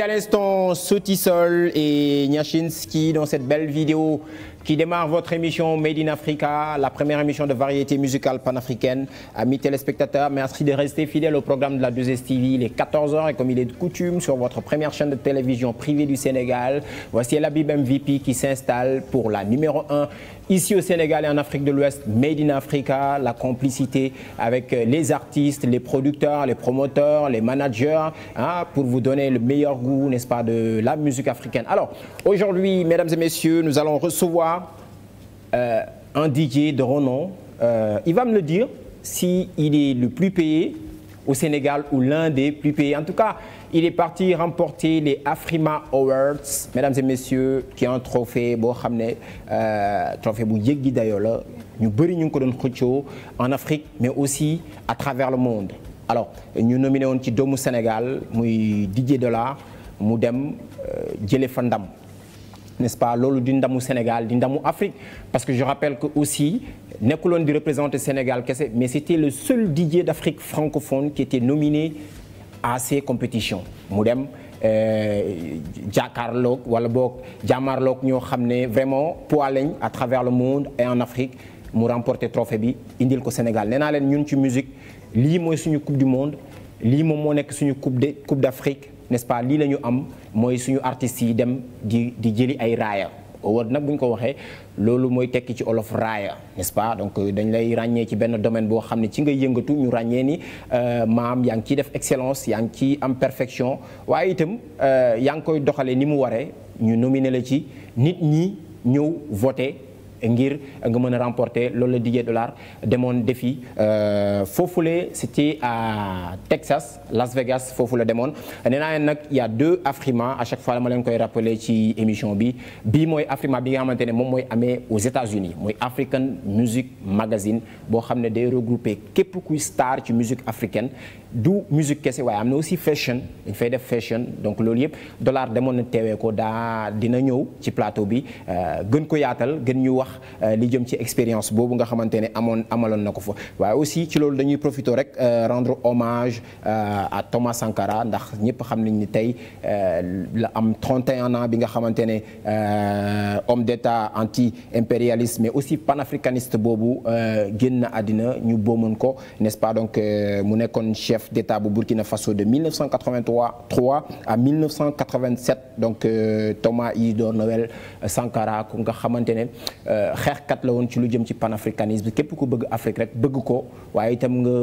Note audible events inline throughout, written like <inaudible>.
C'était à l'instant Sotisol et Nyashinsky dans cette belle vidéo qui démarre votre émission Made in Africa, la première émission de variété musicale panafricaine. Amis téléspectateurs, merci de rester fidèles au programme de la 2STV. Il est 14 et comme il est de coutume sur votre première chaîne de télévision privée du Sénégal, voici la MVP qui s'installe pour la numéro ici au Sénégal et en Afrique de l'Ouest, Made in Africa, la complicité avec les artistes, les producteurs, les promoteurs, les managers, le meilleur goût, de la musique africaine. euh, un DJ de renom, euh, il va me dire s'il est le plus payé au Sénégal ou l'un des plus payés. En tout cas, il est parti remporter les Afrima Awards, mesdames et messieurs, qui est trophée boo xam ne euh, trophée bu jéggi dayoo la ñu bëri ñu ngi ko doon xëccoo en Afrique mais aussi à travers le monde. alors ñu nominé woon ci doomu Sénégal muy DJ Dollar mu dem euh, jële fa n'est-ce pas loolu di ndamu Sénégal di ndamu Afrique parce que je rappelle aussi nekkuloon di représenter Sénégal kese mais c'était le seul DJ d'Afrique francophone qui était nominé à ces compétitions mu dem euh, jàkkaarloog wala boog jàmmaarloog ñoo xam ne vraiment poids lañ à travers le monde et en Afrique mu remporter trophée bi indil ko Sénégal nee naa leen ñun ci musique lii mooy suñu coupe du monde lii moom moo nekk suñu coupe de coupe d'Afrique n'est-ce pas lii lañu am mooy suñu artistes yi dem di di jëli ay raaya award nag bu ko waxee loolu mooy tekki ci olof raaya n'est-ce pas donc euh, dañ lay ràññee ci benn domaine boo xam ne ci ngay yëngatu ñu ràññee ni euh, maam yaa ngi ciy def excellence yaa ngi ciy am perfection waaye itam euh, yaa ngi koy doxalee ni mu waree ñu nominé la ci nit ñi ñëw voté ngir nga mën a remporter loolu la Didier Dollar demoon défi euh, foofule c'était à Texas Las Vegas foofu la demoon nee naa nag y a deux Afrima à chaque fois la ma leen koy rappeler ci émission bi bii mooy Afrima bi nga xamante ne moom mooy amee aux États-Unis mooy African Music Magazine boo xam ne day regrouper képp kuy star ci musique africaine du musique kese waaye am na aussi fashion dañ fay def fashion donc loolu yëpp dollar demoon na teewee ko daa dina ñëw ci plateau bi euh, gën ko yaatal gën ñu wax euh, li jëm ci expérience boobu nga xamante ne amoon amaloon na ko fa waaye aussi ci loolu dañuy profiter rek euh, rendre hommage à Thomas Sankara ndax ñëpp xam nañ ni tey la am 31 ans bi nga xamante ne homme d'état anti impérialiste mais aussi panafricaniste boobu génn àddina ñu boomoon ko n'est-ce pas donc mu nekkoon chef d'État bu Burkina Faso de 1983 3 à 1987 donc euh, Thomas Isidore Noël euh, Sankara ku nga xamante ne euh, xeexkat la woon ci lu jëm ci panafricanisme képp ko bëgg Afrique rek bëgg ko waaye itam nga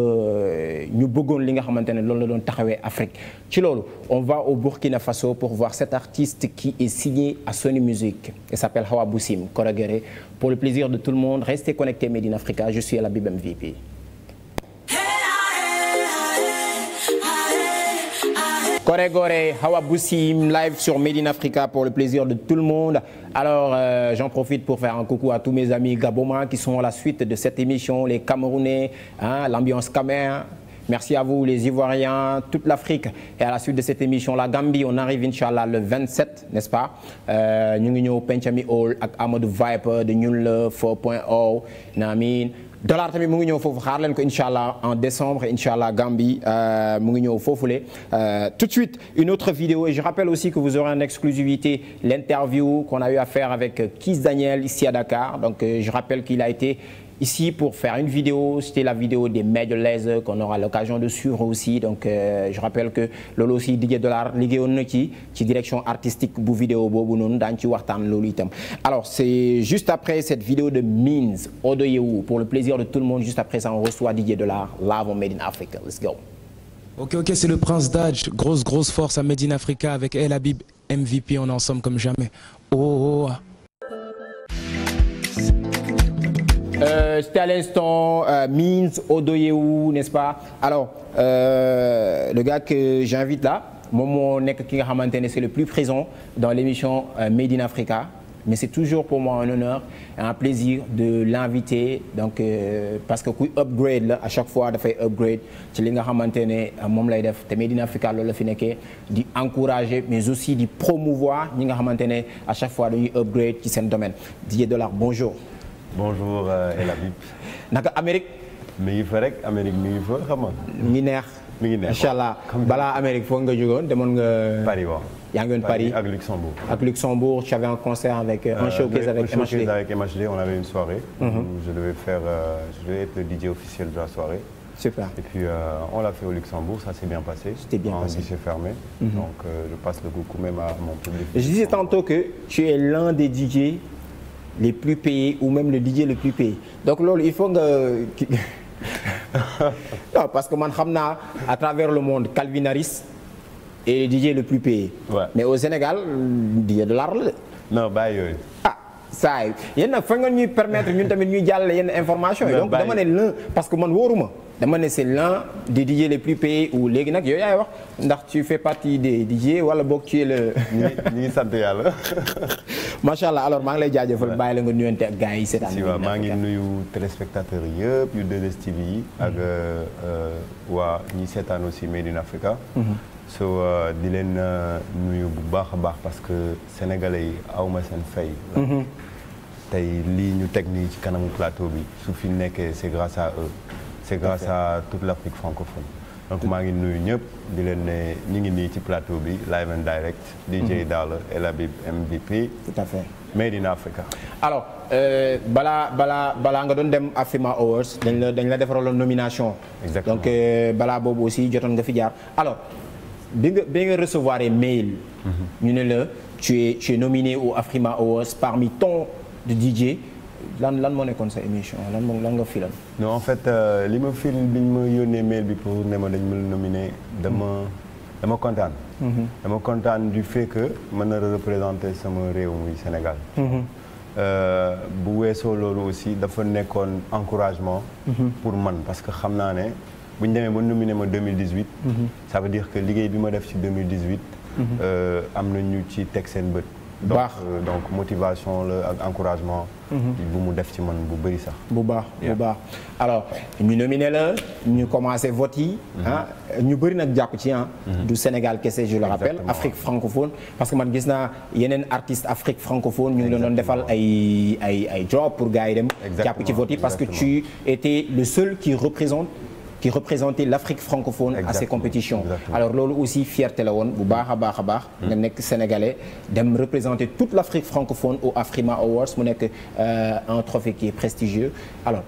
ñu bëggoon li nga xamante ne loolu la doon taxawee Afrique ci loolu on va au Burkina Faso pour voir cet artiste qui est signé à Sony Music il s'appelle Hawa Boussim Koragéré pour le plaisir de tout le monde restez connectés Made in je suis à la BIM Goré Goré Hawa Boussim de tout le monde alors euh, j'en profite pour faire un coucou à tous mes amis émission les Camerounais hein l'ambiance camer les Ivoiriens, toute l'Afrique et à la suite de cette émission la Gambie on arrive inchallah le 27 nest pas euh, ñu ngi ñëw Pencami Hall ak Amadou Viper de ñun la dollar tamit mu ngi ñëw foofu xaar leen ko incha allah en décembre incha allah Gambie euh, mu ngi ñëw foofule euh, tout de suite une autre vidéo et je rappelle aussi que vous aurez en exclusivité l'interview qu'on a eu à faire avec Kiss Daniel ici à Dakar donc euh, je rappelle qu'il a été ici pour faire une vidéo. C'était la vidéo des Major qu'on l'occasion de suivre aussi. Donc, euh, je rappelle que loolu aussi DJ Dollar liggéeyoon na ci ci direction artistique bu vidéo boobu noonu daañu ci waxtaan loolu itam. alors c'est juste après cette vidéo de Means Odo pour le plaisir de tout le monde juste après ça reçoit DJ Dollar live on Made Africa ok ok c'est le prince d'Adj grosse grosse force à Made Africa avec El MVP on est ensemble comme jamais oh, oh. oh. Euh, J'étais à l'instant euh, Mins Odoyewu, n'est-ce pas Alors, euh, le gars que j'invite là, moom moo nekk ki nga xamante ne c'est le plus présent dans l'émission euh, Made in Africa mais c'est toujours pour moi un honneur et un plaisir de l'inviter donc euh, parce que kuy upgrade la à chaque fois dafay upgrade ci li nga xamante ne euh, moom lay def te Made in la fi nekkee di encourager mais aussi di promouvoir ñi nga xamante ne à chaque fois dañuy upgrade ci seen domaine Didier Dollar bonjour bonjour euh, El Habib. <laughs> naka Amérique. mi ngi fa rek Amérique mi ngi fa xam nga. mi ngi neex. mi ngi neex incha allah balaa Amérique foog nga jógoon demoon nga. Paris waaw. yaa ngi woon Paris ak Luxembourg. ak Luxembourg j'avais un concert avec. Euh, euh, un showcase avec MHD un showcase avec MHD on avait une soirée. Mm-hmm. je devais faire je devais être le DJ officiel de la soirée. super et puis on l'a fait au Luxembourg ça s'est bien passé. c'était bien passé en guichet fermé. Mm-hmm. donc je passe le coucou même à mon public. je disais tantôt que tu es l'un des DJ. les plus payés ou même le DJ le plus payé donc loolu il faut nga <laughs> non parce que man xam naa à travers le monde Calvin Harris est le DJ le plus payé. Ouais. mais au Sénégal DJ de l'art la. non bàyyi yooyu. saa yi yéen nag fa nga ñuy permettre ñun tamit ñuy jàllale yenn information yi donc dama ne parce que man wóoruma dama ne c'est l'un des DJ les plus payés ou léegi nag yooyu yaay wax ndax tu fais partie des DJ wala boog ci es le. ñu ngi yàlla. <laughs> macha allah alors maa ngi lay jaajëfal bàyyi la nga nuyonte ak gars yi seetaan. si waaw maa ngi nuyu téléspectateurs yëpp yu 2STV yi. ak mm-hmm. euh, euh, waa ñi seetaan aussi Made in Africa. Mm-hmm. so uh, di leen uh, nuyu bu baax a baax parce que sénégalais yi awma seen fay. Mm-hmm. tey lii ñu teg nii ci kanamu plateau bi su fi nekkee c'est grâce à eux. c'est grâce à toute l'Afrique francophone. donc maa ngi nuyu ñëpp di leen ne ñu ngi nii ci plateau bi live and direct. Mm-hmm. DJ Dalla El Habib MVP. tout à fait made in Africa. alors euh, balaa balaa balaa nga doon dem Afrima Awards dañ la dañ la defaraloon nomination. exactement donc euh, balaa boobu aussi jotoon nga fi jaar alors. bi nga bi nga recevoir mail. Mhm. ñu ne la tu es tu es nominé au Afrima Awards parmi tant de DJ lan lan moo nekkoon sa émission lan moo lan nga filan non en fait euh, li ma fil bi ma yónnee mail bi pour ne ma dañ ma la nominé dama mhm. dama kontaan. Mhm. dama kontaan du fait que mën na représenter sama réew muy Sénégal. Euh, bu weesoo loolu aussi dafa nekkoon encouragement. pour man parce que xam naa ne. bu ñu demee ba nominé ma 2018. Mhm. ça veut dire que bi ma def ci mhm. euh, am na ñu ci teg seen bët. baax euh, donc motivation la ak encouragement. bu mhm. mu def ci man bu bëri sax. bu baax bu baax alors ñu nominé la ñu commencé vote yi. Ah, ñu bëri nag jàpp ci ah. du Sénégal kese je le rappelle. Afrique francophone parce que man gis naa yeneen artistes Afrique francophone ñu ngi la doon defal ay job pour gars yi dem. jàpp ci vote yi parce que tu étais le seul qui représente. qui représentait l'Afrique francophone Exactement. à ces compétitions alors loolu aussi fierté la woon bu baax a baax a baax hmm. nga nekk sénégalais dem représenter toute l'Afrique francophone au Afrima Awards mu nekk euh, un trophée qui est prestigieux alors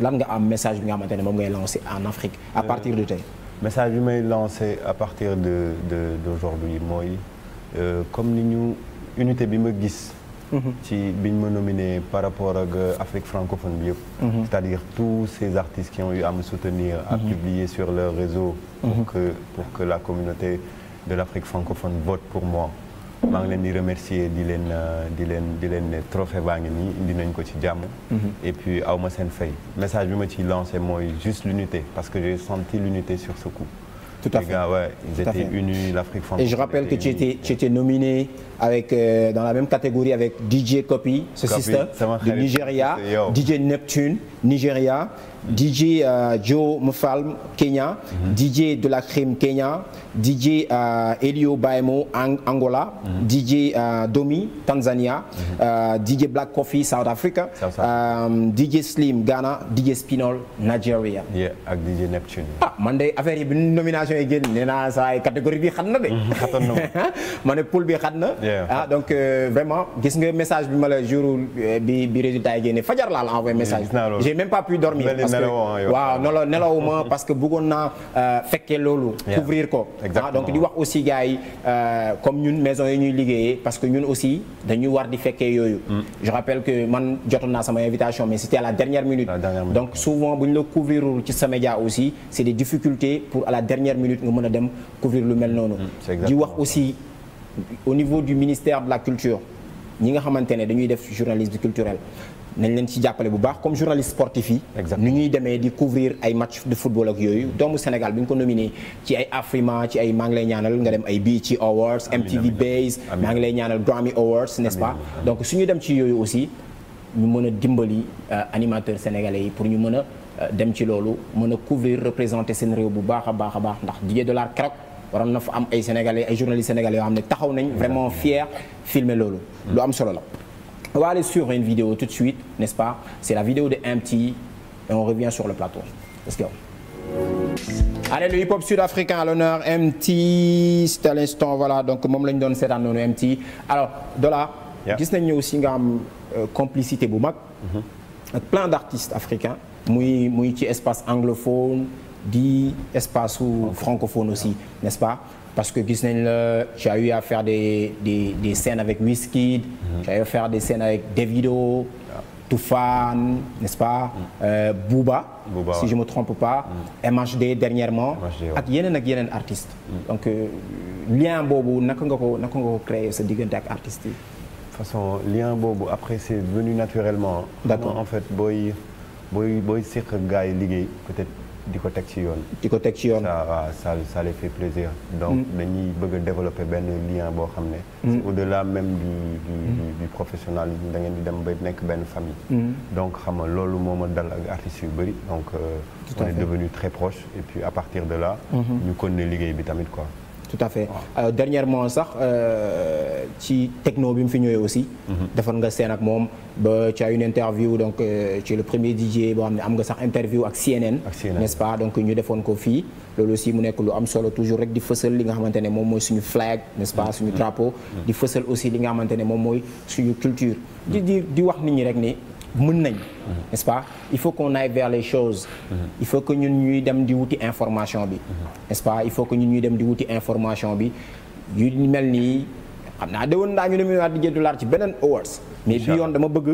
lan nga am message bi nga xamante ne moom ngay lancer en Afrique à euh, partir de tey message bi may lancer à partir de de d'aujourd'hui mooy euh, comme ni ñu unité bi ma gis ci biñ a nominé par rapport ak euh, Afrique francophone bi yëpp. Mhm. c'est-à-dire tous ces artistes qui ont eu à me soutenir. à mhm. publier sur leur réseau. Mhm. pour que la communauté de l'Afrique francophone vote pour moi. maa di remercier di leen euh, di leen di leen ne trophée baa ngi nii et puis aw ma seen fay. message bi ma ciy lancé mooy juste l'unité parce que j'ai senti l'unité sur ce coup. tout à fait les gars et je rappelle que tu étais nominé. avec euh, dans la même catégorie avec DJ Copy ce sister du Nigeria oh. DJ Neptune Nigeria DJ euh, Joe Mfalm Kenya mm -hmm. DJ de la Kenya DJ euh, Elio Baemo Angola mm Domi Tanzania mm Black Coffee South Africa DJ Slim Ghana DJ Spinol Nigeria yeah, ak DJ ah, nomination yi génn nee naa saa bi xat na de mhm, xatoon <laughs> bi xat ah donc euh, vraiment gis nga message bi ma la jour bi bi résultat yi génne fajar laa la envoyé message j'ai même pas pu dormir parce que waaw nelo nelawuma <laughs> parce que bëggoon naa euh, fekkee loolu couvrir ko ah, di wax aussi gars euh, comme ñun maison yi ñuy liggéeyee parce que ñun aussi dañuy war di fekkee yooyu mm. je rappelle que man jotoon naa sama invitation mais c'était à la dernière minute donc souvent bu ñu la couvrirul ci sa média aussi c'est des difficultés pour à la dernière minute nga mën a dem couvrir lu noonu mm, au niveau du ministère de la culture ñi nga xamante ne dañuy def journalisme culturel nañ leen ci jàppale bu baax comme journaliste sportif yi. ni ñuy demee di couvrir ay match de football ak yooyu doomu Sénégal bi ñu ko nominé ci ay Afrima ci ay maa ngi lay ñaanal nga dem ay BET Awards. MTV Base maa ngi lay ñaanal Grammy Awards n'est-ce pas. donc ñu dem ci yooyu aussi ñu mën a dimbali euh, animateurs sénégalais yi pour ñu mën a euh, dem ci loolu mën a couvrir représenter seen réew bu baax a baax a baax ndax Didier Delargue keroog. waroon na fa am ay sénégalais ay journalistes sénégalais yoo ne taxaw nañ vraiment fier filmer loolu lu am solo la on va aller sur une vidéo tout de suite n'est-ce pas c'est la vidéo de MTI et on revient sur voilà donc moom la ñu doon seetaan noonu MTI alors gis nañ ñëw si nga am euh, complicité bu mag mm-hmm. ak plein d'artistes africains muy muy ci espace anglophone di espace ou francophone aussi n'est-ce pas parce que gis nañ la tu as eu à faire des des des scènes avec Wizkid. tu mhm. as eu à faire des scènes avec Davido. Toufane n'est-ce pas. Mm. Euh, Booba. Booba si ouais. je me trompe pas. MHD mm. dernièrement. ak yeneen ak yeneen artistes. Mm. donc euh, lien boobu naka nga ko naka nga ko créer sa diggante ak artistes yi. de toute façon lien boobu après c'est venu naturellement. d'accord en fait booy booy booy seq gars yi liggéey peut-être. di ko teg ci yoon. di ko teg ci yoon ça ça ça les fait plaisir. Mm. dañuy bëgg a développer benn lien boo xam ne. Mm. c'est au-delà même du du mm. du di dem ba nekk benn famille. donc xam nga loolu moo ma dal ak artistes yu bëri donc. Euh, on est devenu très proche et puis à partir de là. Mm-hmm. ñu continuer liggéey bi tamit quoi. tout à fait alors euh, dernièrement sax euh, ci techno bi mu fi ñëwee aussi. Mhm. defoon nga seen ak moom ba ci une interview donc euh, ci le premier DJ boo xam ne am nga sax interview ak CNN. ak CNN nest pas donc ñu defoon ko fii. loolu aussi mu nekk lu am solo toujours rek di fësal li nga xamante ne moom mooy suñu flag nest pas suñu mhm. drapeau. Mhm. di fësal aussi li nga xamante ne moom mooy suñu culture. di di di wax nit ñi rek ni. mën nañ n'est-ce pas il faut qu'on aille les choses il faut que ñun ñuy dem di wuti information bi n'est-ce pas il faut que ñun ñuy dem di wuti information bi ñu mel nii xam naa déwoon naa ñu demee waat di jëndu laar ci beneen awards mais bi yoon dama bëgg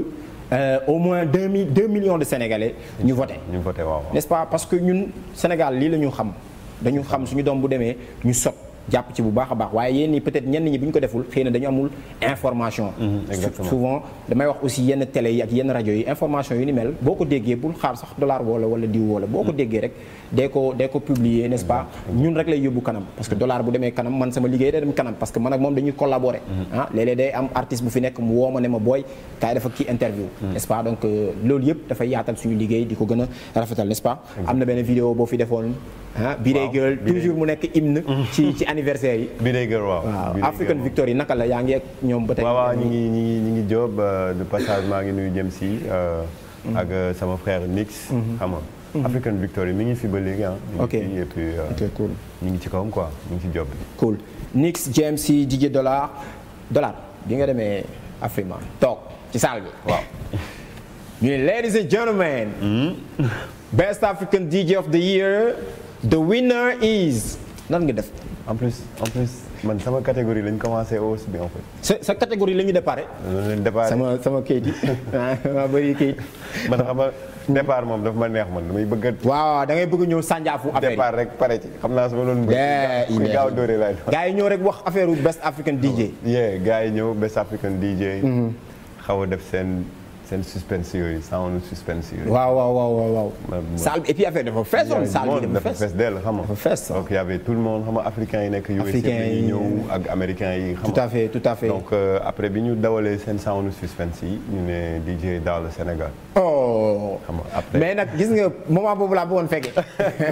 euh, au moins deux mille deux millions de sénégalais ñu voté ñu voté waaw n'est-ce pas parce que ñun Sénégal lii la ñu xam dañu xam suñu doom bu demee ñu sot jàpp ci bu baax a baax waaye yéen ñi peut ñi bu ñu ko deful xëy na dañu amul information. Mhm, damay wax aussi yenn télé yi ak yenn rajo yi information yu ni mel boo ko déggee bul xaar sax dollar woo la diw woo boo ko mhm. déggee rek dee ko publier n'est-ce mhm, ñun rek lay yóbbu kanam parce que dollar bu demee kanam man sama liggéey day dem kanam parce que man ak moom dañuy collaborer. ah day am artiste bu fi nekk mu woo ne ma booy kaay dafa kii interview. Euh, di anniversaire yi. bi day waaw African Victory yi naka la yaa ngi ak ñoom ba tey. ñu ngi ñu ngi ñu ngi Diop euh, de passage maa ngi nuyu jëm si. Euh, mm-hmm. ak euh, sama frère Nix. Mm-hmm. xam nga mm-hmm. African Victory mi ngi fi ba léegi ah. ok et cool. ñu ngi ci kawam quoi ñu ngi ci Diop. cool Nix James si Dj Dollar Dollar bi nga demee Afrima toog ci salle bi. waaw ñu ne ladies and gentlemen. <laughs> best African DJ of the year. the winner is nan nga def en plus en plus man sama catégorie lañ commencé hausse bi en fait. sa sa catégorie la ñu déparé. sama sama kayit yi <laughs> ah, maa bëri kayit. man xam nga départ moom daf ma neex man damay bëgg a. waaw da ngay bëgg ñëw sànjaafu affaire yi départ rek pare ci xam naa sama ma doon. bëgg gaaw dóore laay doon. gars yi ñëw rek wax affaire best African DJ. yee gars yi ñëw best African DJ. Mm-hmm. xaw a def seen. seen suspense yooyu sànnu suspense yooyu. waaw waaw waaw waaw. saal bi et puis affaire dafa feesoon. saal bi dafa fees dell xam nga. dafa fees donc y avait tout le monde xam nga africain yi nekk. africain yi ñëw ak américain yi. xam nga tout à fait tout à fait. donc euh, après bi ñu dawalee seen sànnu suspense yi ñu ne DJ dans le Sénégal. oh xam nga après mais nag gis nga moment boobu laa bëggoon fekkee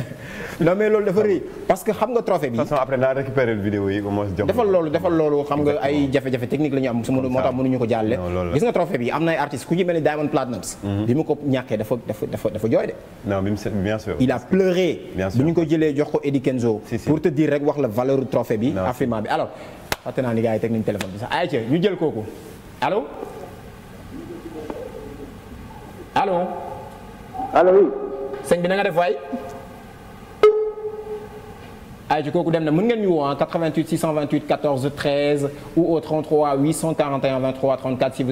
<laughs> non mais loolu dafa rëy parce que xam nga trophée bi. de toute façon après naa récupérer vidéo yi au moins. jox defal loolu defal loolu xam nga ay jafe-jafe technique la ñu am. moo tax mënuñu ko jàllale. gis nga trophée bi am na ay artistes ku ci mel ni Diamond Platnumz mhm. bi mu ko ñàkkee dafa dafa dafa dafa jooy de. non bien sûr. il a pleuré. bu ñu ko jëlee jox ko Eddie Kenzo. pour te dire rek wax la valeur trophée bi. affirmation bi alors. fàtte naa ni yi teg nañu téléphone bi sax ayca ñu jël kooku allo allo. allo bi na def waay. ayca kooku dem na mën ngeen ñu woo 88 628 14 13 ou au 33 841 23 34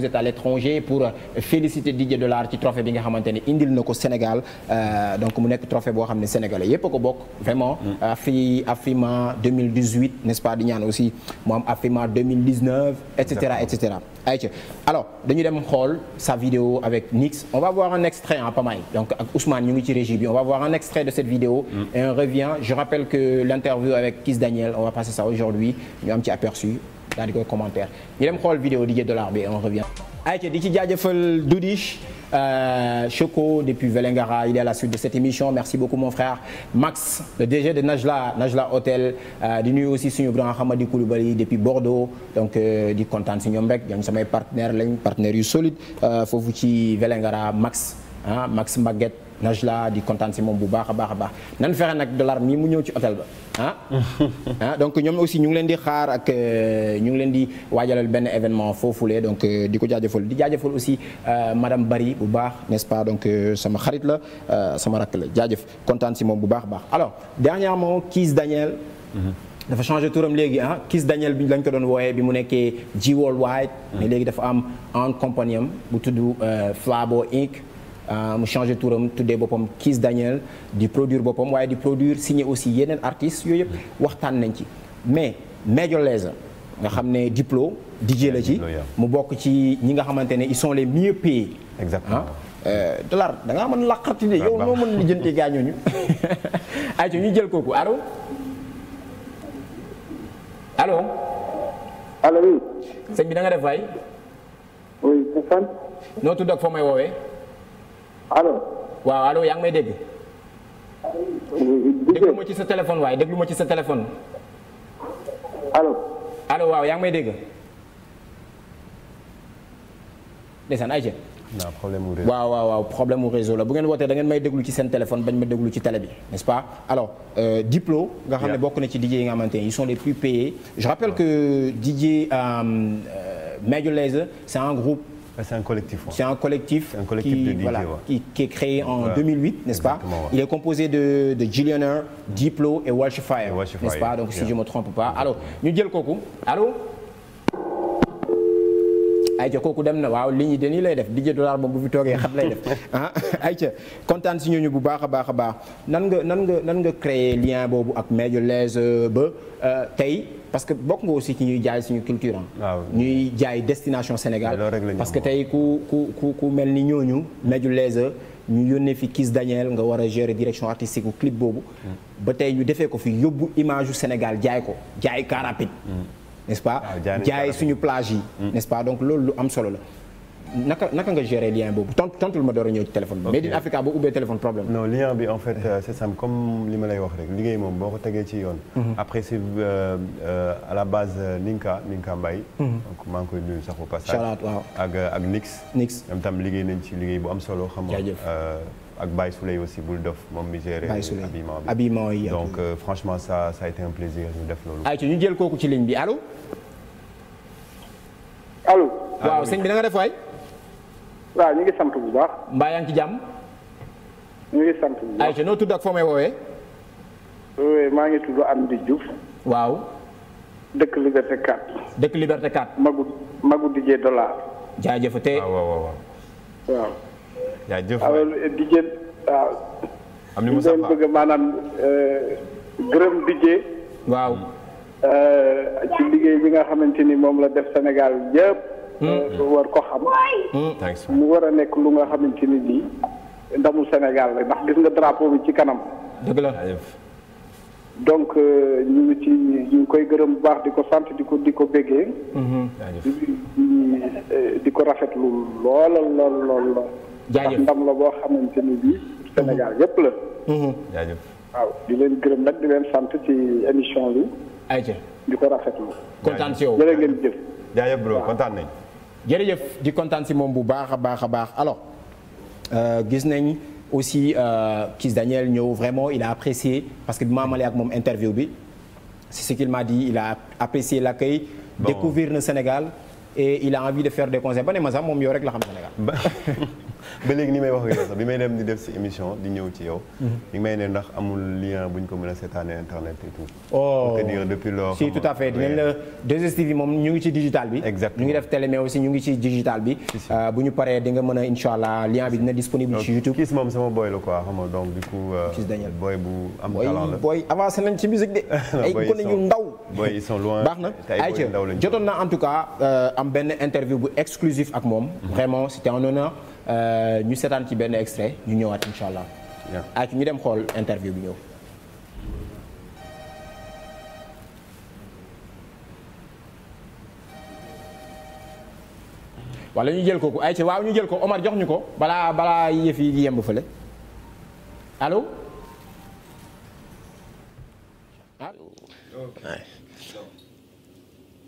ne indil na ko Sénégal euh, donc mu nekk trophée boo xam ne sénégalais yépp a ko bokk vraiment fi Afrima 2018 n'est-ce pas di ñaan aussi mu am Afrima 2019 ayca alors dañu dem xool sa vidéo avec Nix on va voir un extrait ah Pamay donc ak Ousmane ñu ngi ci régie bi on va voir un extrait de cette vidéo mm. et on revient je rappelle que l'interview avec Kiss Daniel on va passer ça aujourd'hui ñu am ci aperçu daal di koy commentaire ñu dem xool vidéo DJ Dollar bi et on revient ayca di ci jaajëfal Doudich euh, Choco depuis Vélingara il est à la suite de cette émission merci beaucoup mon frère Max le DG de Najla Najla Hôtel euh, di nuyu aussi suñu grand Hamadi Koulibaly depuis Bordeaux donc euh, di kontaan si ñoom rek ñoom samay partenaire lañ partenaires yu solide foofu ci Vélingara Max ah Max Mbaguette Najla di kontaan si moom bu baax a baax a baax nan fexe nag dollar mii mu ñëw ci hôtel ba ah. <laughs> ah donc ñoom aussi ñu ngi leen di xaar ak euh, ñu ngi leen di waajalal benn événement foofu foofulee donc euh, di ko jaajëfal di jaajëfal aussi euh, madame Bari bu baax n'est-ce pas donc sama xarit la sama rakk la jaajëf kontaan si moom bu baax a baax alors dernièrement Kiss Daniel. Mhm. dafa changé turam léegi ah Kiss Daniel bi lañ ko doon wooyee bi mu nekkee G Worldwide mhm. mais léegi dafa am en compagnie bu tudd Flabo Inc. Euh, mu changé turam tuddee boppam Kiss danielle di produire boppam waaye di produire signé aussi yeneen artistes yooyu yëpp waxtaan nañ ci mais Major Lazer nga xam ne Diplo DJ la ci mu bokk ci ñi nga xamante ne ils les mieux payés exactement ah, euh, dollar da ngaa mën laqati de ah, yow noo mën lijjanti gaa ñooñu <laughs> ay ci ñu jël kooku alo allo allo oui sëñ bi na def waay noo tudd foo may woowee allo. waaw allo yaa ngi may dégg. déglu ma ci sa téléphone waaye déglu ma ci sa téléphone. allo. allo waaw yaa ngi may dégg. ndeysaan ay waaw problème mu réseau waaw waaw problème mu réseau la bu ngeen wootee da ngeen may déglu ci seen téléphone bañ ma déglu ci télé bi n'est-ce pas alors euh, Diplo nga xam ne bokk na ci DJ yi nga xamante ne ils sont les plus payés je rappelle que DJ euh, euh, Major Lazer c'est un groupe Ah, c'est un collectif. Ouais. C'est un collectif, un collectif qui, de DJ, voilà, ouais. qui, est créé en n'est-ce pas Il est composé de, de Gillionaire, Diplo et Watchfire, n'est-ce pas Donc si je ne me trompe pas. Allô, ñu jël kooku allô ayca kooku dem na waaw ligne yi dañuy lay def DJ dollar moom bu fi toogee xat lay def <laughs> ah ayca kontaan si ñooñu bu baax a baax a baax nan nga nan nga nan nga créer lien boobu ak Major Lazer ba euh, tey parce que bokk nga aussi ci ñuy jaay suñu culture am ñuy jaay destination Sénégal parce que tey ku ku ku ku mel ni ñooñu Médou Leza ñu yónnee fi kiis Daniel nga war a gérer direction artistique bu clip boobu mm. ba tey ñu defee ko fi yóbbu image Sénégal jaay ko jaay car rapide mm. n'est-ce pas jaay suñu plage yi mm. n'est-ce pas donc loolu lu am solo la naka naka nga gérer lien boobu tont tontul ma door a ñëw ci téléphone bi. mais di Africa boo ubbee téléphone problème non lien bi en fait euh, c'est simple comme li ma lay wax rek liggéey moom boo ko tegee ci yoon. Mhm. après si euh, euh, à la base Ninka Ninka Mbaye. Mhm. donc koy nuyu sax au passage. Chalaat waaw ak ak Nix. Nix am tam liggéey nañ ci liggéey bu am solo. xam ak Baye Souley aussi bul dof moom mi géré habillement bi habillement yi donc euh, franchement ça ça a été un plaisir ñu def loolu. ayca ñu jël kooku ci bi allo. allo waaw waaw ñu ngi sant bu baax. mbaa yaa ngi ci jàmm. ñu ngi sant bu baax ayca noo tudd maa ngi tudd Amady Diouf. waaw. dëkk Liberté 4. dëkk Liberté 4. Magu Magu DJ Dollar. jaajëfatee ah, waaw waaw waaw. waaw. jaajëf ah, waaw bëgg maanaam euh, gërëm DJ. waaw. Euh, ci liggéey bi nga xamante ni moom la def Sénégal yëpp. war ko xam. mu war a nekk lu nga xamante ni nii ndamu Sénégal rek ndax gis nga drapeau bi ci kanam. donc euh, ñu ngi ci ñu ngi koy gërëm bu baax di ko sant di ko di ko béggee. Mm-hmm. Euh, di ko rafetlu loola lool lool lool. jaajëf ndam la boo xamante ni bii Sénégal mm-hmm. yëpp la. Mm-hmm. waaw di leen gërëm nag di leen sant ci émission bi. ayca di ko rafetlu. kontaan si yow jërë ngeen jëf. jaajëf nañ jërëjëf di kontaan si moom bu baax a baax a baax alors euh, gis nañ aussi euh, Kiss Daniel ñëw vraiment il a apprécié parce que bi ma amalee ak moom interview bi c'est ce qu'il m'a dit il a apprécié l'accueil découvrir na Sénégal et il a envie de faire des concerts ba ne ma sax moom yow rek la xam <laughs> ba léegi ni may wax ak yow sax bi may dem di def si émission di ñëw ci yow. Mhm. mi ngi may ne ndax amul lien bu ñu ko mën a seetaanee internet et tout. Oh. si tout à fait dinañ la 2 moom ñu ngi ci digital bi. exactement ñu ngi def télé mais aussi ñu ngi ci digital bi. Euh, bu ñu paree di nga mën a incha allah lien bi dina disponible ci YouTube. kis moom sama boy la quoi xam nga donc du coup. Euh, kis Daniel boy bu am talent la boy avancé nañ ci musique de. <laughs> ay gone yu ndaw. boy ils sont loin baax na ayca jotoon na en tout cas euh, am benn interview bu exclusif ak moom. Mhm. vraiment c'était Euh, ñu seetaan ci benn extrait ñu ñëwaat incha allah. ak ñu dem xool interview bi ñëw. wala ñu jël ko ko ay ci waaw ñu jël ko Omar jox ñu ko balaa balaa yëf yi di yemb fële ah.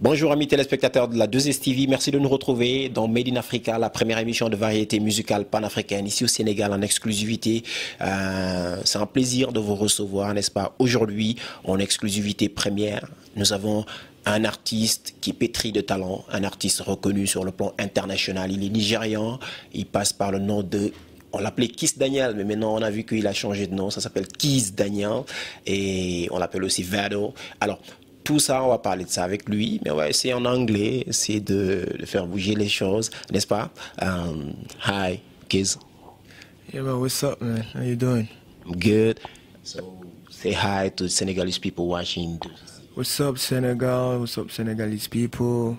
Bonjour amis téléspectateurs de la 2STV, merci de nous retrouver dans Made in Africa, la première émission de variété musicale panafricaine ici au Sénégal en exclusivité. Euh, c'est un plaisir de vous recevoir, n'est-ce pas Aujourd'hui, en exclusivité première, nous avons un artiste qui pétrit de talent, un artiste reconnu sur le plan international. Il est nigérian, il passe par le nom de on l'appelait Kiss Daniel, mais maintenant on vu qu'il a changé de nom, ça s'appelle Kiss Daniel, et on l'appelle aussi Vado. Alors, tout ça, on va parler de ça avec lui, mais on va essayer en anglais, essayer de, de faire bouger les choses, n'est-ce pas? Um, hi, kids. Yeah, man, what's up, man? How you doing? I'm good. So, say hi to Senegalese people watching. What's up, Senegal? What's up, Senegalese people?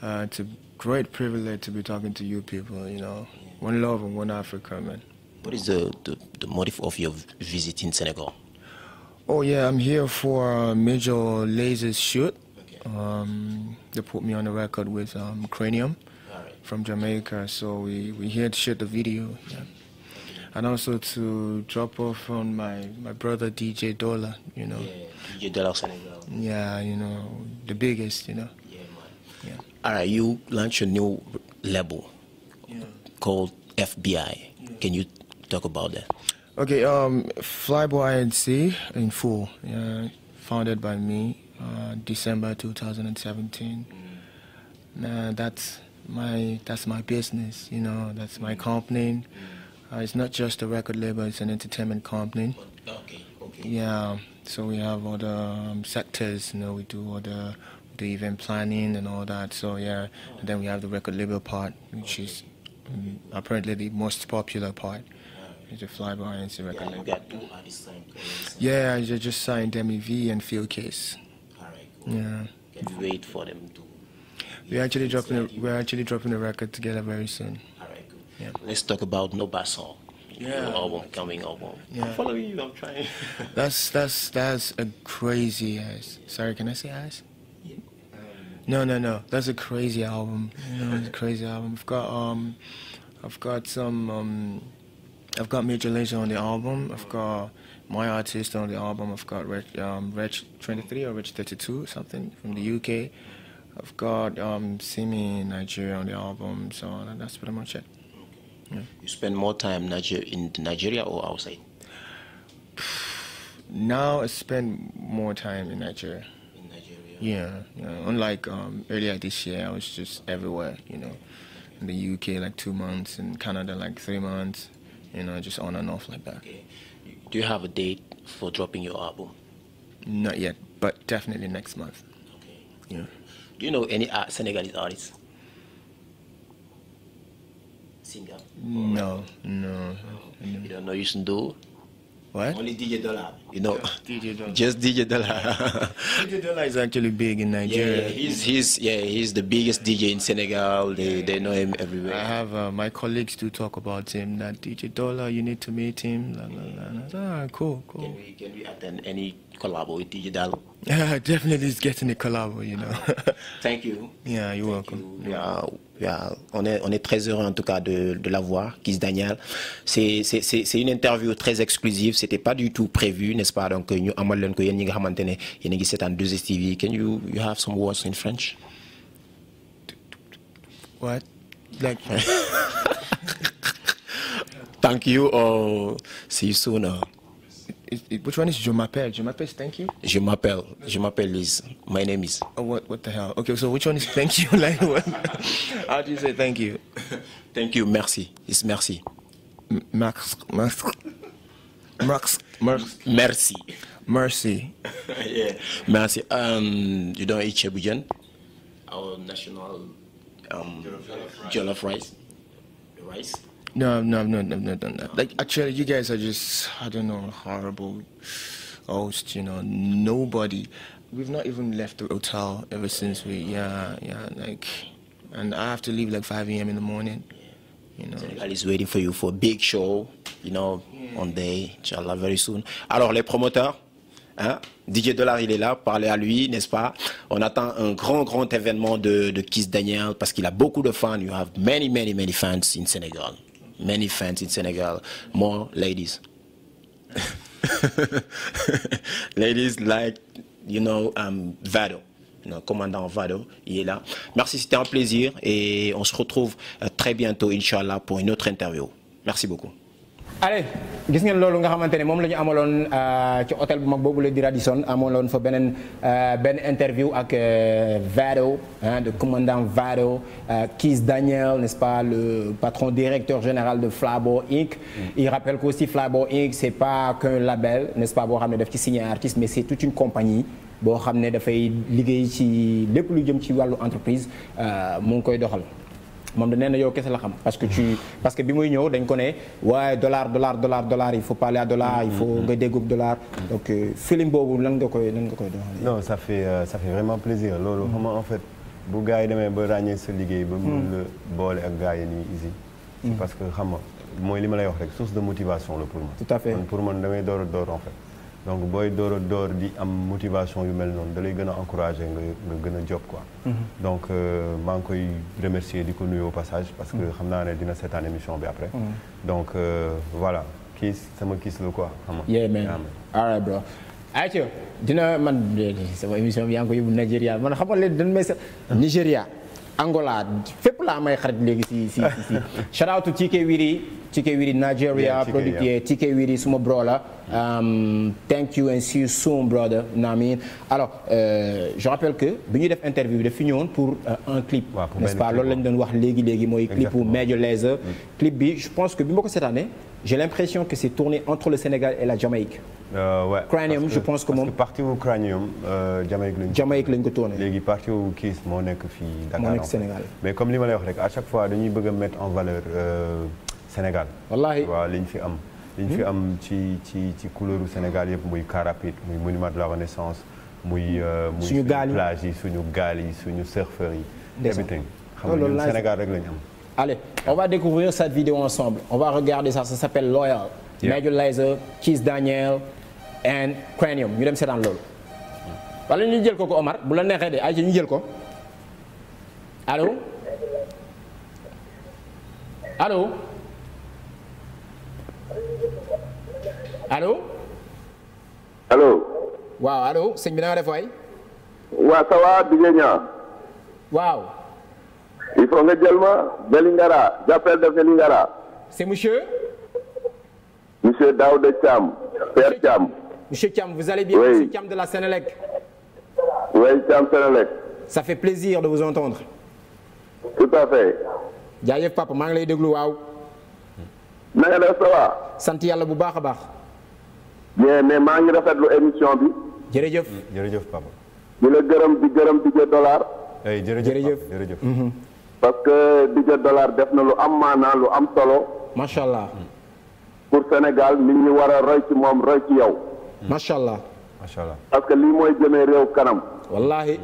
Uh, it's a great privilege to be talking to you people, you know. One love and one Africa, man. What is the, the, the motive of your visit in Senegal? Oh yeah, I'm here for Major Laser's shoot. Okay. Um, they put me on the record with um, Cranium right. from Jamaica, so we we here to shoot the video, yeah. and also to drop off on my my brother DJ Dollar, you know. Yeah, DJ Dollar Senegal. Yeah, you know the biggest, you know. Yeah, man. Yeah. All right, you launch a new label yeah. called FBI. Yeah. Can you talk about that? Okay, um, Flyboy INC in full, founded by me, uh, December that's my business, That's my company. Uh, it's not just a record label; it's an entertainment company. Okay. Okay. Yeah. So we have all the um, sectors. we do all planning and all that. then we have the record label part, which is mm, apparently the most popular part. It's a flyby and see record. Yeah, you got two artists signed. Yeah, I just signed MEV and Field Case. All right. Cool. Yeah. Can we wait for them to? We're actually dropping. A, we're actually dropping a record together very soon. All right. Good. Yeah. Let's talk about No Basol. Yeah. Your album coming album. Yeah. I'm following you. I'm trying. <laughs> that's that's that's a crazy ass. Sorry, can I say ass? Yeah. Um, no, no, no. That's a crazy album. You know, it's a crazy album. I've got um, I've got some um, I've got Major Lazer on the album. I've got my artist on the album. I've got Reg, um, Reg 23 or Reg 32 something from the UK. I've got um, Simi Nigeria on the album. So that's pretty much it. Yeah. You spend more time Niger- in Nigeria or outside? <sighs> Now I spend more time in Nigeria. In Nigeria. Yeah, yeah. Unlike um, earlier this year, I was just everywhere. You know, in the UK like two months, in Canada like three months. you know, just on and off like that. Okay. Do you have a date for dropping your album? Not yet, but definitely next month. Okay. Yeah. Do you know any uh, Senegalese artists? Singer? No, no. Oh. You don't know Youssou Ndour? What? Only DJ Dollar. You know, yeah, DJ Dollar. <laughs> just DJ Dollar. <laughs> DJ Dollar is actually big in Nigeria. Yeah, yeah, he's he's yeah he's the biggest DJ in Senegal. They yeah. they know him everywhere. I have uh, my colleagues do talk about him. That DJ Dollar, you need to meet him. La, la, la. Ah, cool, cool. Can we can we attend any collab with DJ Dollar? Yeah, <laughs> definitely is getting a collab. You know. Thank you. Yeah, you're Thank welcome. You. Yeah. Yeah, on, est, on est très heureux en tout cas de, de l'avoir, Kiss Daniel. C'est une interview très exclusive, c'était pas du tout prévu, n'est-ce pas Donc, nous avons dit que nous avons dit que nous avons deux STV. Can you, you have some words in French? What? Like... <laughs> Thank you or oh, see you soon. Or... Oh. which one is Je m'appelle? Je m'appelle is My name is. Oh, okay, so which one is thank you? <laughs> like, what? How do you say thank you? <laughs> Thank you, merci. Mercy. Mercy. <laughs> Um, you don't eat chebujan? Our national um, jollof rice. rice. No, no, no, no, no, no, no. Like actually, you guys are just I don't know horrible hosts. You know, nobody. We've not even left the hotel ever since we. Yeah, yeah. Like, and I have to leave like 5 a.m. in the morning. You know. Senegal is waiting for you for a big show. You know, yeah. on day, inshallah, very soon. Alors les promoteurs. Hein? DJ Dollar, il est là, parlez à lui, n'est-ce pas? On attend un grand, grand événement de, de Kiss Daniel parce qu'il a beaucoup de fans. You have many, many, many fans in Senegal. many fans in Senegal, more ladies. <laughs> ladies like, you know, um, Vado. No, commandant Vado, il est là. Merci, c'était un plaisir et on se retrouve euh, très bientôt, Inch'Allah, pour une autre interview. Merci beaucoup. Allez, gis ngeen loolu nga xamante ne moom la ñu amaloon euh, ci hôtel bu mag boobu la di Radisson amaloon fa beneen euh, benn interview ak euh, Vado de commandant Vado Keith Daniel n'est-ce pas le patron directeur général de flabo Inc. Mm. il rappelle que aussi Flavor Inc. c'est pas qu'un label n'est-ce pas boo xam ne daf ci signer artiste mais c'est toute une compagnie boo xam ne dafay liggéey ci lépp lu jëm ci wàllu entreprise mu ngi koy doxal moom da nee na yow kese la xam parce que tu parce que bi muy ñëw dañ ko ne waaye dollar dollar dollar dollar il faut parler à dollar il faut nga dégg dollar donc euh, film boobu lan nga koy lan nga koy doxalee. non ça fait euh, ça fait vraiment plaisir loolu xam en fait bu gars yi demee ba ràññee sa liggéey. ba mun la boole ak gars yi nii easy. Hmm. parce que xam nga mooy li ma lay wax rek source de motivation la pour moi. tout à fait pour man damay door a door en fait. donc booy door a door di am motivation yu mel noonu da lay gën a encouragé nga nga gën a job quoi. Mhm. donc euh, maa ngi koy remercier di ko nuyu au passage. parce que mhm. xam naa ne dina seetaan émission bi après. Mhm. donc euh, voilà kiis sama kiis la quoi. xam nga yeah a all right bro. dina man sama émission bi yaa ngi ko yóbbu Nigeria man xam nga leen dañu may sa Nigeria. Angola fépp laa may xarit léegi si si si <laughs> shout out to TK Wiri TK Wiri Nigeria product yeah TK eh, Wiri suma bro la um, thank you and see you soon brother naa mi alors euh, je rappelle que bi ñuy def interview bi daf fi ñëwoon pour euh, un clip n'est-ce pas loolu lañ doon wax léegi léegi mooy clipu Major Lazer mm. clip bi je pense que bi ma ko seetaanee j'ai l'impression que c'est tourné entre le Sénégal et la Jamaïque. Euh, ouais, Cranium que, je pense que moom parce que parti wu Cranium euh, Jamaïque lañ. Jamaïque lañ ko tourné léegi parti wu Kiis moo nekk fii. Dakar moo nekk Sénégal mais comme li ma lay wax rek à chaque fois dañuy bëgg a mettre en valeur euh, Sénégal. wallaahi waaw liñ fi am. liñ fi hmm? am ci ci ci couleuru Sénégal yëpp muy car rapide muy monument de la renaissance muy. Euh, suñu gaal yi muy suñu plage yi suñu gaal yi suñu surfeurs yi. everything xam nga Sénégal rek lañ am. Allez, on va découvrir cette vidéo ensemble. On va regarder ça. Ça s'appelle Loyal. Major Lazer, Kiss Daniel and Cranium. ñu dem seetaan loolu. wala ñu jël ko ko Omar bu la neexee de ay ñu jël ko allo allo allo. allo. waaw allo sëñ bi na nga def waay. waaw ça va Djé Niang. waaw. il faut nga jël ma Vélingara j'appelle de Vélingara. c'est monsieur. monsieur Daouda Thiam. père Thiam. monsieur Thiam vous allez bien. oui monsieur Thiam de la Sénélec. oui Thiam Sénélec. ça fait plaisir de vous entendre. tout à fait. jaajëf papa maa ngi lay déglu waaw. na nga def ça sant yàlla bu baax a baax. bien mais maa ngi rafetlu émission bi. jërëjëf jërëjëf papa. di la gërëm di gërëm di dollar. ay eh, jërëjëf parce que DJ Dollar def na lu am maanaa lu am solo. macha allah. pour Sénégal nit ñi war a roy ci moom roy ci yow. macha allah. macha parce que lii mooy jëmee réew kanam. wallaahi.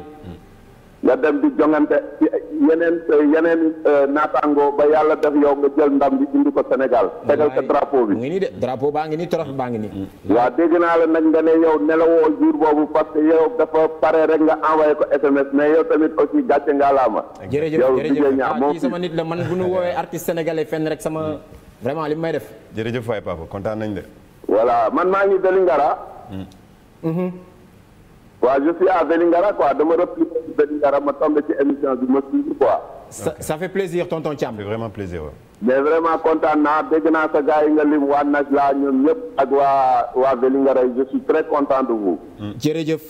nga dem di jongante ci yeneen yeneen euh, ba yàlla def yow nga jël ndam bi indi ko Sénégal tegal ko drapeau bi mu nii de drapeau baa ngi nii trophée baa ngi nii waaw dégg naa la nag nga ne yow nelawoo jour boobu parce que yow dafa pare rek nga envoyé ko SMS mais yow tamit aussi gàcce nga laama jërëjëf jërëjëf ah, kii sama nit la man bu ñu woowee artiste sénégalais fenn rek sama hmm. papa kontaan nañ de voilà man maa ngi Vélingara mm-hmm. waaw je suis à Vélingara quoi dama repliqué ma tombé ci émission bi ma suivre quoi. ça ça fait plaisir tonton Thiam. c'est vraiment plaisir waaw. mais vraiment kontaan naa dégg naa sa gars yi nga lim waa laa ñoom ñëpp ak waa waa Vélingara je suis très content de vous. Hmm. jërëjëf.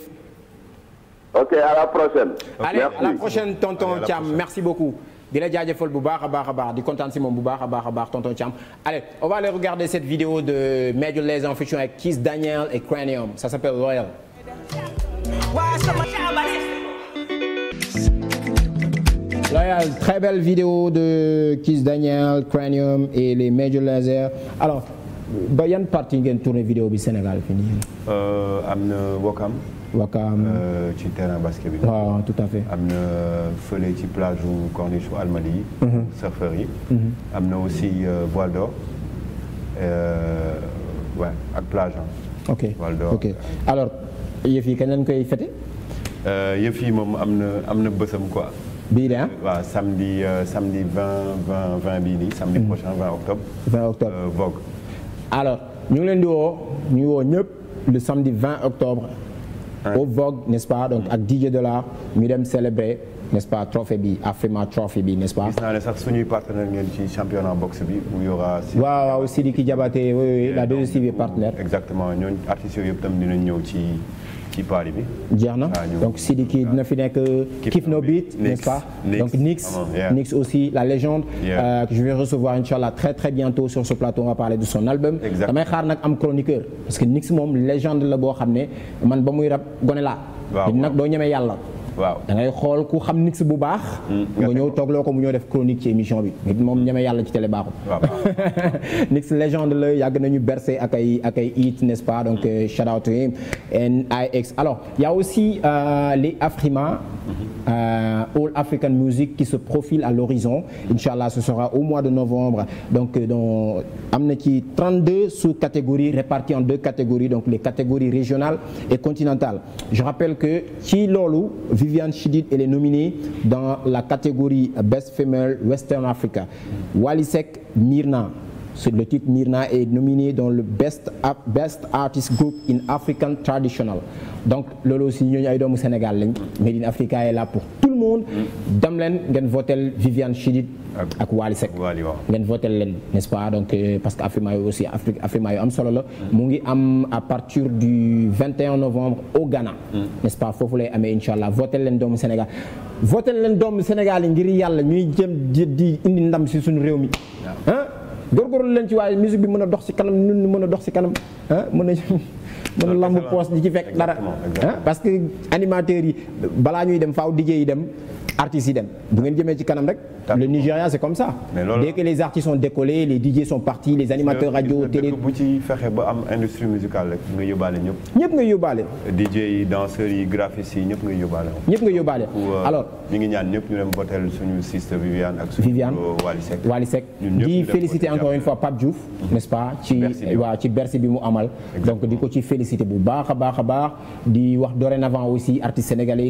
ok à la prochaine. allez à la prochaine tonton Thiam merci beaucoup. di la jaajëfal bu baax a baax di kontaan si moom bu baax baax a baax tonton Thiam allez on va aller regarder cette vidéo de Major Les Infections avec Kiss Daniel et Cranium ça s'appelle Royal. Loyal, très belle vidéo de Kiss Daniel, Cranium et les Major Laser. Alors, ba yan parti ngeen vidéo bi Sénégal fii euh, am na Wakam. Wakam euh, ci terrain tout à fait. am na fële ci plage ou corniche ou Almadi mhm. mhm. am na aussi euh, voile d'or ak plage. ok yëf yi kañ lañ koy fete euh, yëf yi moom am na am na bësam quoi. bii de ah waaw samedi euh, samedi 20 20 bii nii samedi hmm. prochain 20 octobre. 20 octobre euh, Vogue. alors ñu ngi leen di woo ñu ngi woo ñëpp le samedi 20 octobre. au Vogue n'est-ce pas donc ak DJ Dollar ñu dem célébrer n'est-ce pas trophée bi Afrima Trophy bii n'est-ce pas. gis naa ne sax suñuy partenaire ngeen ci championnat boxe bi où y'aura. waaw waaw Sidiki Diabaté oui oui la 2STV partenaire. exactement ñooñu artistes yooyu yëpp tam dinañ ñëw ci. ci paari bi. jeex na donc Sidi kii dina fi nekk Kifno Beat n'est-ce pas Nix aussi la légende que euh, je vais recevoir inchallah très très bientôt sur ce plateau on va parler de son album damay xaar nag am chroniqueur parce que Nix moom légende la boo xam ne man ba muy rap gone laa nag doo ñemee yàlla waaw da ngay xool ku xam nix bu baax. Hmm. nga ñëw toogloo ko mu ñëw def chronique ci émission bi. moom ñeme yàlla ci télé baaxul. <laughs> nix légende la yàgg nañu bercé ak ay ak ay hit n'est-ce pas donc euh, shout out to him aussi euh, les Afrima. Mm-hmm. Euh, All African Music qui se profile à l'horizon inchallah ce au mois de novembre donc euh, donc am na ci 32 sous-catégories réparties en deux catégories donc les catégories régionales et continentales je que ci loolu Viviane Chidid elle est nominée la catégorie Best Female Western Africa Wally Seck Myrna Sur le titre, Nirna est nominé dans le Best, Artist Group in African Traditional. Donc, loolu aussi ñooñu ay doomu Sénégal lañ Made in Africa est là pour tout le monde. dem leen ngeen votel Viviane Chidid ak Wali Seck ngeen votel leen n'est-ce pas donc euh, parce que Afrima yu aussi Afrique Afrima yu am solo la. mu ngi am à partir du 21 novembre au Ghana. Hmm. n'est-ce pas foofu lay amee incha allah votel leen doomu Sénégal. votel leen doomu Sénégal yi ngir yàlla ñuy jëm di indi ndam si suñu réew mi. góorgóorlu leen ci waaye musique bi mën a dox si kanam ñun mën a dox si kanam ah mën a <laughs> mën a lamb poos di ci fekk dara ah parce que animateurs yi balaa ñuy dem faaw DJ yi dem artistes yi dem bu ngeen jëmee ci kanam rek le Nigérian c'est comme ça. dès que les artistes décollés les DJ sont partis les animateurs radio télé. bu ci fexe ba am industrie musicale rek nga yóbbaale ñëpp. ñëpp nga DJ yi danseurs yi graphistes yi ñëpp nga yóbbaale. ñëpp nga yóbbaale euh, alors ñu ngi ñaan ñëpp ñu dem botel suñu sister Viviane Viviane euh, Wally Seck di féliciter encore une fois Pape Diouf. Mhm. n'est-ce pas ci Bercy bi mu amal. donc di ko ci féliciter bu baax a baax a baax di wax dorénavant aussi artistes sénégalais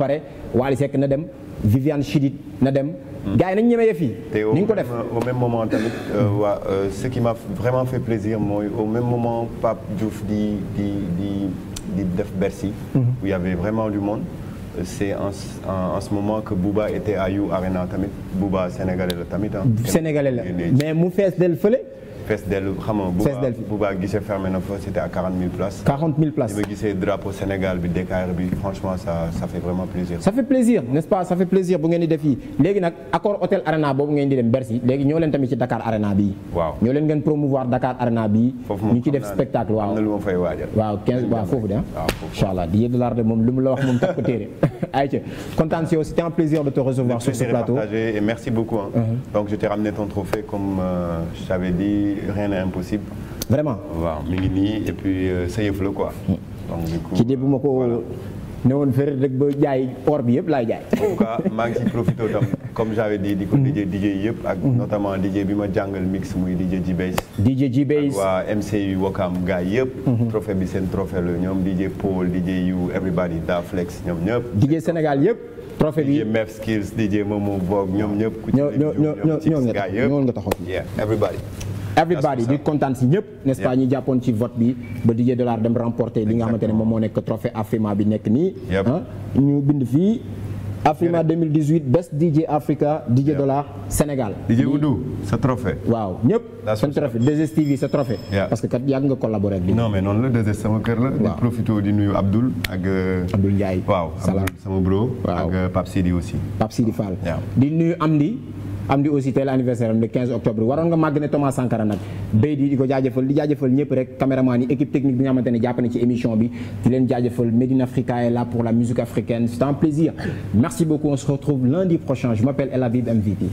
a pare Wally Seck na dem Viviane Chidid na dem. Hmm. gars yi nañ ñeme yëf yi. ni ñu ko def euh, au même moment tamit euh, hmm. waa euh, ce qui m'a vraiment fait plaisir mooy au même moment Pape Diouf di di di di def Bercy. Hmm. où il y avait vraiment du monde. c'est en en en ce moment que Bouba était à Arena tamit Bouba sénégalais la mais mu fees del fële. bu baax gisee fermé na fa c'était à 40 000 places. 40 places bi ma gisee drapeau Sénégal bi Dakar bi franchement ça ça fait vraiment bu ngeen di def accord hôtel Arena boobu ngeen di dem Bercy léegi ñoo leen ci Dakar Arena bii. waaw promouvoir Dakar Arena bii. ci def spectacle waaw. waaw 15 waaw foofu de ah. de la wax <laughs> sur ce plateau. et merci beaucoup. Uh-huh. donc je t'ai ramené ton trophée comme euh, je t'avais dit rien n'est impossible. vraiment waaw mi ngi nii et euh, sa yëf la quoi. Hmm. donc du coup ci début ma ko ne woon rek ba jaay or bi yëpp laay jaay. en tout cas maa ngi tam <laughs> comme j'avais di di ko DJ hmm. DJ yëpp. ak hmm. notamment DJ bi ma jàngal mix muy DJ G-Bass. DJ G-Bass ak waa MCU Wakam gars yëpp. trophée bi seen trophée la ñoom DJ Paul DJ You everybody Da Flex ñoom ñëpp. DJ Sénégal yëpp. trophée bi DJ Mef Skills DJ Momo Vogue ñoom ñëpp. ku ci ñoom ñoom ñoom ñoom ñoom ñoom ñoom ñoom ñoom ñoom ñoom ñoom ñoom ñoom ñoom ñoom ñoom ñoom everybody di kontaan si ñëpp n'est-ce pas ñu jàppoon ci vote bi ba Didier Delarme dem remporter li nga xamante ne moom moo nekk trophée Afrima bi nekk nii ah, ñu bind fii Afrima 2018 best DJ Africa DJ Dollar Sénégal. DJ Oudou sa trophée. waaw ñëpp seen trophée 2STV sa trophée. parce que kat yàgg nga collaboré ak. non mais noonu la 2S sama kër la. waaw di profité di nuyu Abdoul ak. Euh, Abdoul Ndiaye waaw Abdoul sama bro. waaw ak euh, Pape Sidi aussi. Pape Sidi di nuyu Amdi. am di aussi tey la anniversaire am le 15 octobre waroon nga màgg ne Thomas Sankara nag béy di di ko jaajëfal di jaajëfal ñëpp rek caméraman yi équipe technique bi nga xamante ci émission bi di leen jaajëfal Africa est là pour la musique africaine c'est un plaisir merci beaucoup on se retrouve lundi prochain je m'appelle El Habib MVP